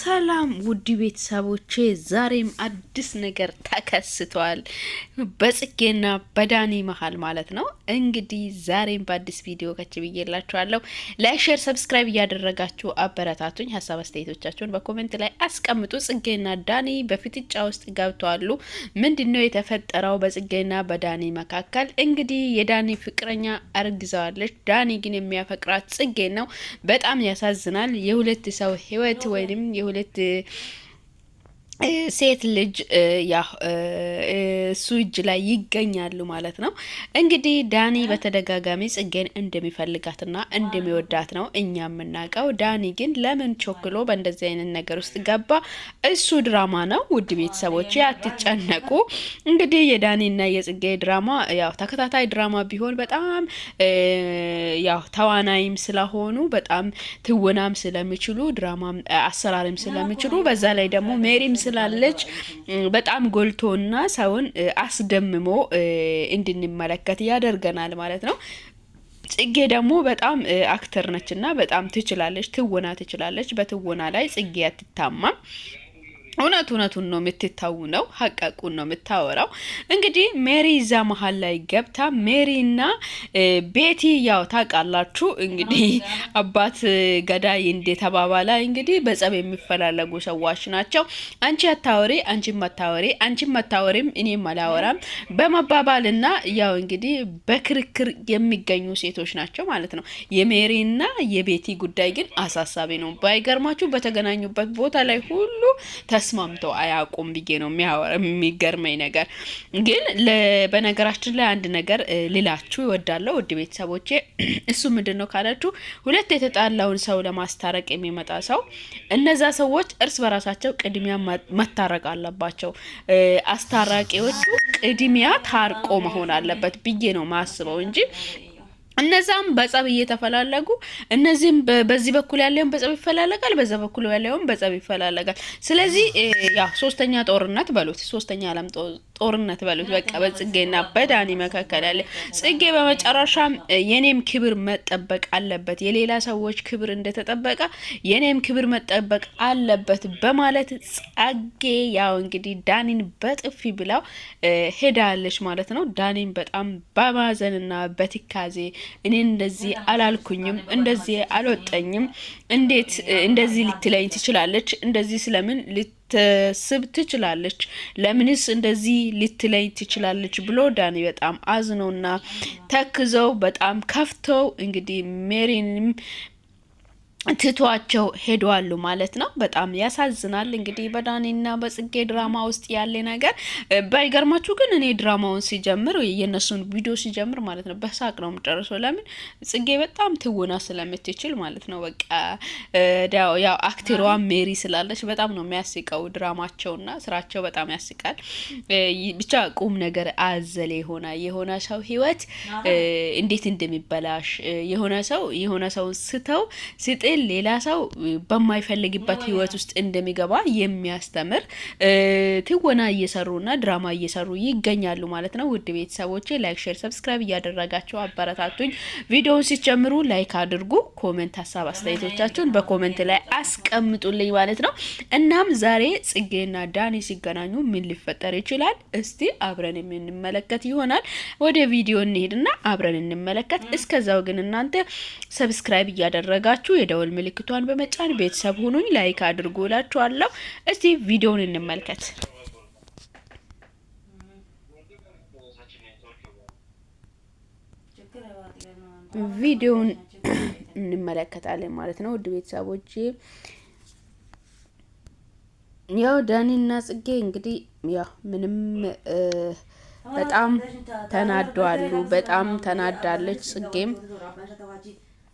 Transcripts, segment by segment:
ሰላም ውድ ቤተሰቦቼ፣ ዛሬም አዲስ ነገር ተከስቷል በጽጌና በዳኒ መሀል ማለት ነው። እንግዲህ ዛሬም በአዲስ ቪዲዮ ከች ብዬላችኋለሁ። ላይክ፣ ሼር፣ ሰብስክራይብ እያደረጋችሁ አበረታቱኝ። ሀሳብ አስተያየቶቻችሁን በኮሜንት ላይ አስቀምጡ። ጽጌና ዳኒ በፍጥጫ ውስጥ ገብተዋሉ። ምንድን ነው የተፈጠረው በጽጌና በዳኒ መካከል? እንግዲህ የዳኒ ፍቅረኛ አርግዘዋለች። ዳኒ ግን የሚያፈቅራት ጽጌ ነው። በጣም ያሳዝናል። የሁለት ሰው ህይወት ወይም l'été. et ሴት ልጅ ያው እሱ እጅ ላይ ይገኛሉ ማለት ነው። እንግዲህ ዳኒ በተደጋጋሚ ጽጌን እንደሚፈልጋትና እንደሚወዳት ነው እኛ የምናውቀው። ዳኒ ግን ለምን ቾክሎ በእንደዚህ አይነት ነገር ውስጥ ገባ? እሱ ድራማ ነው። ውድ ቤተሰቦች አትጨነቁ። እንግዲህ የዳኒና የጽጌ ድራማ ያው ተከታታይ ድራማ ቢሆን በጣም ያው ተዋናይም ስለሆኑ በጣም ትወናም ስለሚችሉ ድራማም አሰራርም ስለሚችሉ በዛ ላይ ደግሞ ሜሪም ስላለች በጣም ጎልቶና ሰውን አስደምሞ እንድንመለከት ያደርገናል ማለት ነው። ጽጌ ደግሞ በጣም አክተር ነች እና በጣም ትችላለች፣ ትወና ትችላለች። በትወና ላይ ጽጌ አትታማም። እውነት እውነቱን ነው ነው ሀቀቁን ነው የምታወራው። እንግዲህ ሜሪ እዛ መሀል ላይ ገብታ ሜሪና ቤቲ ያው ታውቃላችሁ እንግዲህ አባት ገዳይ እንደ ተባባ ላይ እንግዲህ በጸብ የሚፈላለጉ ሰዎች ናቸው። አንቺ አታወሪ፣ አንቺ መታወሪ፣ አንቺ አታወሪም፣ እኔም አላወራም በመባባልና ያው እንግዲህ በክርክር የሚገኙ ሴቶች ናቸው ማለት ነው። የሜሪና የቤቲ ጉዳይ ግን አሳሳቢ ነው። ባይገርማችሁ በተገናኙበት ቦታ ላይ ሁሉ ተስማምተው አያውቁም ብዬ ነው የሚገርመኝ ነገር። ግን በነገራችን ላይ አንድ ነገር ልላችሁ እወዳለሁ ውድ ቤተሰቦቼ። እሱ ምንድን ነው ካላችሁ ሁለት የተጣላውን ሰው ለማስታረቅ የሚመጣ ሰው እነዛ ሰዎች እርስ በራሳቸው ቅድሚያ መታረቅ አለባቸው። አስታራቂዎቹ ቅድሚያ ታርቆ መሆን አለበት ብዬ ነው ማስበው እንጂ እነዛም በጸብ እየተፈላለጉ እነዚህም በዚህ በኩል ያለውን በጸብ ይፈላለጋል፣ በዛ በኩል ያለውን በጸብ ይፈላለጋል። ስለዚህ ያ ሶስተኛ ጦርነት በሉት ሶስተኛ ዓለም ጦርነት በሉት በቃ በጽጌና በዳኒ መካከል ያለ ጽጌ በመጨረሻም የኔም ክብር መጠበቅ አለበት፣ የሌላ ሰዎች ክብር እንደተጠበቀ የኔም ክብር መጠበቅ አለበት በማለት ጸጌ ያው እንግዲህ ዳኒን በጥፊ ብላው ሄዳለች ማለት ነው። ዳኒን በጣም በማዘንና በትካዜ እኔ እንደዚህ አላልኩኝም፣ እንደዚህ አልወጠኝም፣ እንዴት እንደዚህ ልትለኝ ትችላለች? እንደዚህ ስለምን ልትስብ ትችላለች? ለምንስ እንደዚህ ልትለኝ ትችላለች? ብሎ ዳኒ በጣም አዝነውና ተክዘው በጣም ከፍተው እንግዲህ ሜሪንም ትቷቸው ሄደዋሉ ማለት ነው። በጣም ያሳዝናል። እንግዲህ በዳኒና በጽጌ ድራማ ውስጥ ያለ ነገር ባይገርማችሁ፣ ግን እኔ ድራማውን ሲጀምር የእነሱን ቪዲዮ ሲጀምር ማለት ነው በሳቅ ነው የምጨርሰው። ለምን ጽጌ በጣም ትወና ስለምትችል ማለት ነው። በቃ ያው አክቴሯ ሜሪ ስላለች በጣም ነው የሚያስቀው ድራማቸውና ስራቸው በጣም ያስቃል። ብቻ ቁም ነገር አዘል የሆነ የሆነ ሰው ህይወት እንዴት እንደሚበላሽ የሆነ ሰው የሆነ ሰውን ስተው ሲጥል ግን ሌላ ሰው በማይፈልግበት ህይወት ውስጥ እንደሚገባ የሚያስተምር ትወና እየሰሩና ድራማ እየሰሩ ይገኛሉ ማለት ነው። ውድ ቤተሰቦቼ ላይክ፣ ሼር፣ ሰብስክራይብ እያደረጋቸው አበረታቱኝ። ቪዲዮውን ሲጀምሩ ላይክ አድርጉ። ኮሜንት፣ ሀሳብ አስተያየቶቻችሁን በኮሜንት ላይ አስቀምጡልኝ ማለት ነው። እናም ዛሬ ጽጌና ዳኒ ሲገናኙ ምን ሊፈጠር ይችላል? እስቲ አብረን የምንመለከት ይሆናል። ወደ ቪዲዮ እንሄድና አብረን እንመለከት። እስከዛው ግን እናንተ ሰብስክራይብ እያደረጋችሁ የደ የደወል ምልክቷን በመጫን ቤተሰብ ሁኑኝ። ላይክ አድርጉ እላችኋለሁ። እስቲ ቪዲዮውን እንመልከት። ቪዲዮውን እንመለከታለን ማለት ነው። ውድ ቤተሰቦቼ ያው ዳኒና ጽጌ እንግዲህ ያው ምንም በጣም ተናደዋሉ። በጣም ተናዳለች ጽጌም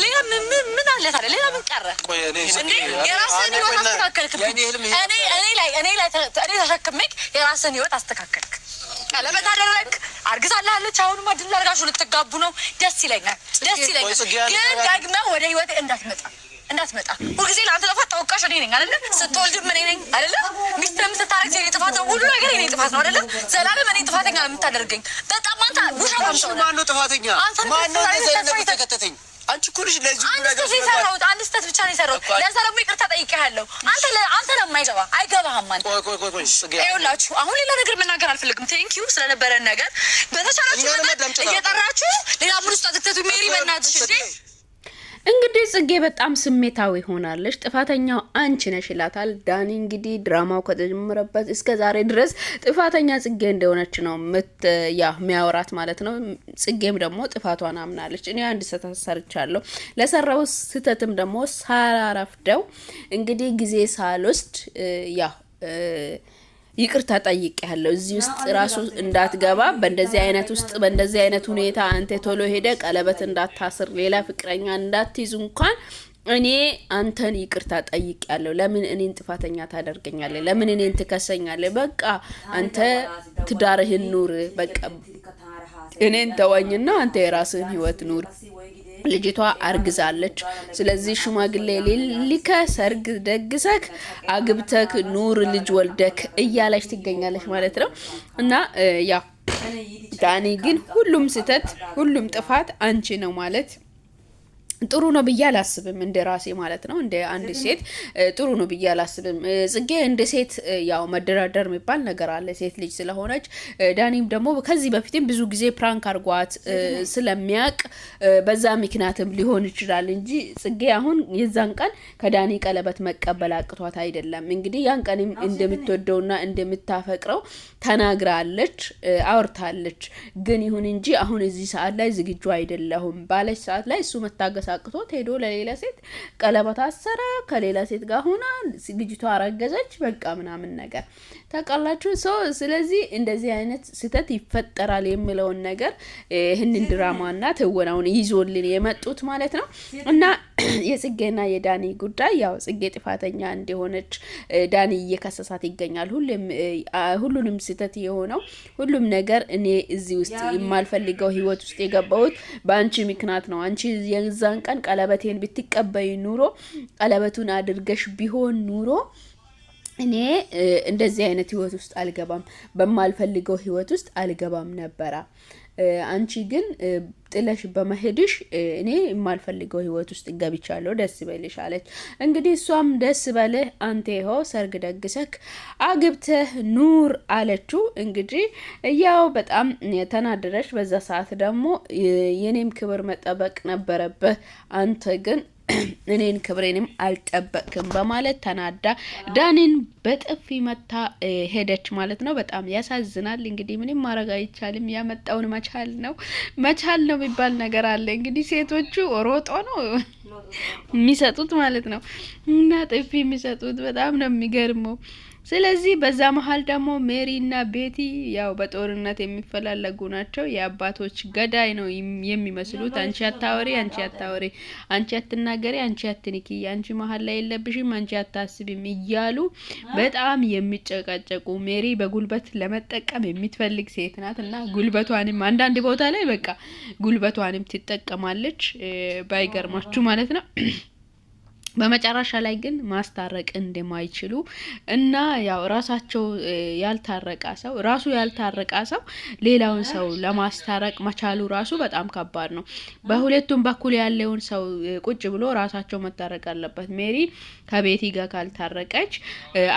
ሌላ ምን አለ ታዲያ? ሌላ ምን ቀረ? የራስህን ህይወት አስተካከልክ። እኔ ላይ ተሸክሜክ የራስህን ህይወት አስተካከልክ። ቀለበት አደረግ። አርግዛለች። አሁንማ ድል አድርጋችሁ ልትጋቡ ነው። ደስ ይለኛል፣ ደስ ይለኛል። ግን ደግመህ ወደ ህይወት እንዳትመጣ እንዳትመጣ ሁልጊዜ ለአንተ ጥፋት ተወቃሽ እኔ ነኝ አይደለ? ስትወልድም እኔ ነኝ አይደለ? ሚስት የምትታረቅ እኔ ጥፋት ነው። ሁሉ ነገር እኔ ጥፋት ነው አይደለ? ዘላለም እኔ ጥፋተኛ የምታደርገኝ በጣም አንተ ውሻ ማነው ጥፋተኛ? ማነው ተከተተኝ አንቺ እኮ ልጅ ለዚህ ሁሉ ነገር የሰራሁት አንድ ስህተት ብቻ ነው የሰራሁት። ለዛ ደግሞ ይቅርታ ጠይቄሃለሁ። አንተ አንተ አይገባ አይገባህም። አንተ ቆይ ቆይ ቆይ፣ ይኸውላችሁ አሁን ሌላ ነገር መናገር አልፈልግም። ቴንክ ዩ ስለነበረን ነገር በተቻላችሁ ነገር እየጠራችሁ ሌላ ምን ውስጥ አትክተቱ ሜሪ በእናትሽ እንግዲህ ጽጌ በጣም ስሜታዊ ሆናለች። ጥፋተኛው አንቺ ነሽ ይላታል ዳኒ። እንግዲህ ድራማው ከተጀመረበት እስከ ዛሬ ድረስ ጥፋተኛ ጽጌ እንደሆነች ነው ምት ያ ሚያወራት ማለት ነው። ጽጌም ደግሞ ጥፋቷን አምናለች። እኔ አንድ ስህተት ሰርቻለሁ፣ ለሰራው ስህተትም ደግሞ ሳላረፍደው እንግዲህ ጊዜ ሳልወስድ ያ ይቅርታ ያለው እዚህ ውስጥ ራሱ እንዳትገባ በእንደዚህ አይነት ውስጥ በእንደዚህ አይነት ሁኔታ አንተ ቶሎ ሄደ ቀለበት እንዳታስር፣ ሌላ ፍቅረኛ እንዳትይዙ እንኳን እኔ አንተን ይቅርታ ያለው ለምን እኔን ጥፋተኛ ታደርገኛለህ? ለምን እኔን ትከሰኛለህ? በቃ አንተ ትዳርህን ኑር፣ በቃ እኔን ተወኝና አንተ የራስህን ህይወት ኑር። ልጅቷ አርግዛለች። ስለዚህ ሽማግሌ ልከ ሰርግ ደግሰክ አግብተክ ኑር ልጅ ወልደክ እያለች ትገኛለች ማለት ነው እና ያው ዳኒ ግን ሁሉም ስህተት ሁሉም ጥፋት አንቺ ነው ማለት ጥሩ ነው ብዬ አላስብም፣ እንደ ራሴ ማለት ነው። እንደ አንድ ሴት ጥሩ ነው ብዬ አላስብም። ጽጌ እንደ ሴት ያው መደራደር የሚባል ነገር አለ፣ ሴት ልጅ ስለሆነች። ዳኒም ደግሞ ከዚህ በፊትም ብዙ ጊዜ ፕራንክ አርጓት ስለሚያቅ በዛ ምክንያትም ሊሆን ይችላል እንጂ ጽጌ አሁን የዛን ቀን ከዳኒ ቀለበት መቀበል አቅቷት አይደለም። እንግዲህ ያን ቀንም እንደምትወደውና እንደምታፈቅረው ተናግራለች፣ አውርታለች። ግን ይሁን እንጂ አሁን እዚህ ሰዓት ላይ ዝግጁ አይደለሁም ባለች ሰዓት ላይ እሱ መታገስ አቅቶት ሄዶ ለሌላ ሴት ቀለበት አሰረ። ከሌላ ሴት ጋር ሆና ልጅቷ አረገዘች። በቃ ምናምን ነገር ታውቃላችሁ። ሰው ስለዚህ እንደዚህ አይነት ስህተት ይፈጠራል የሚለውን ነገር ይህንን ድራማና ትወናውን ይዞልን የመጡት ማለት ነው እና የጽጌና የዳኒ ጉዳይ ያው ጽጌ ጥፋተኛ እንደሆነች ዳኒ እየከሰሳት ይገኛል። ሁሉንም ስህተት የሆነው ሁሉም ነገር እኔ እዚህ ውስጥ የማልፈልገው ህይወት ውስጥ የገባሁት በአንቺ ምክንያት ነው። አንቺ የዛን ቀን ቀለበቴን ብትቀበይ ኑሮ ቀለበቱን አድርገሽ ቢሆን ኑሮ እኔ እንደዚህ አይነት ህይወት ውስጥ አልገባም፣ በማልፈልገው ህይወት ውስጥ አልገባም ነበረ። አንቺ ግን ጥለሽ በመሄድሽ እኔ የማልፈልገው ህይወት ውስጥ ገብቻለሁ፣ ደስ በልሽ አለች። እንግዲህ እሷም ደስ በልህ አንተ ይኸው ሰርግ ደግሰክ አግብተህ ኑር አለችው። እንግዲህ ያው በጣም ተናደረች። በዛ ሰዓት ደግሞ የኔም ክብር መጠበቅ ነበረብህ አንተ ግን እኔን ክብሬንም አልጠበቅክም በማለት ተናዳ ዳኒን በጥፊ መታ ሄደች ማለት ነው። በጣም ያሳዝናል። እንግዲህ ምንም ማድረግ አይቻልም። ያመጣውን መቻል ነው መቻል ነው የሚባል ነገር አለ። እንግዲህ ሴቶቹ ሮጦ ነው የሚሰጡት ማለት ነው እና ጥፊ የሚሰጡት በጣም ነው የሚገርመው። ስለዚህ በዛ መሀል ደግሞ ሜሪ እና ቤቲ ያው በጦርነት የሚፈላለጉ ናቸው። የአባቶች ገዳይ ነው የሚመስሉት። አንቺ አታወሪ፣ አንቺ አታወሪ፣ አንቺ አትናገሪ፣ አንቺ አትንኪ፣ አንቺ መሀል ላይ የለብሽም፣ አንቺ አታስቢም እያሉ በጣም የሚጨቃጨቁ ሜሪ በጉልበት ለመጠቀም የምትፈልግ ሴት ናት እና ጉልበቷንም አንዳንድ ቦታ ላይ በቃ ጉልበቷንም ትጠቀማለች፣ ባይገርማችሁ ማለት ነው። በመጨረሻ ላይ ግን ማስታረቅ እንደማይችሉ እና ያው ራሳቸው ያልታረቃ ሰው ራሱ ያልታረቃ ሰው ሌላውን ሰው ለማስታረቅ መቻሉ ራሱ በጣም ከባድ ነው። በሁለቱም በኩል ያለውን ሰው ቁጭ ብሎ ራሳቸው መታረቅ አለበት። ሜሪ ከቤቲ ጋር ካልታረቀች፣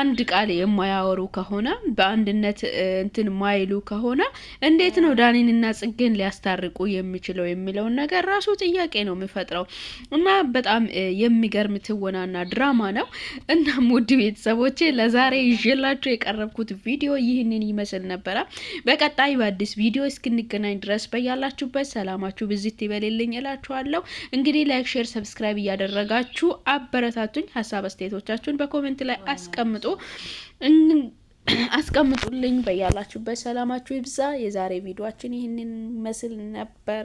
አንድ ቃል የማያወሩ ከሆነ በአንድነት እንትን ማይሉ ከሆነ እንዴት ነው ዳኒንና ጽጌን ሊያስታርቁ የሚችለው የሚለውን ነገር ራሱ ጥያቄ ነው የሚፈጥረው እና በጣም የሚገርም ትወናና ድራማ ነው። እናም ውድ ቤተሰቦቼ ለዛሬ ይዤላችሁ የቀረብኩት ቪዲዮ ይህንን ይመስል ነበረ። በቀጣይ በአዲስ ቪዲዮ እስክንገናኝ ድረስ በያላችሁበት ሰላማችሁ ብዝት ይበልልኝ እላችኋለሁ። እንግዲህ ላይክ፣ ሼር፣ ሰብስክራይብ እያደረጋችሁ አበረታቱኝ። ሀሳብ አስተያየቶቻችሁን በኮሜንት ላይ አስቀምጡ አስቀምጡልኝ። በያላችሁበት ሰላማችሁ ይብዛ። የዛሬ ቪዲዮችን ይህንን መስል ነበረ።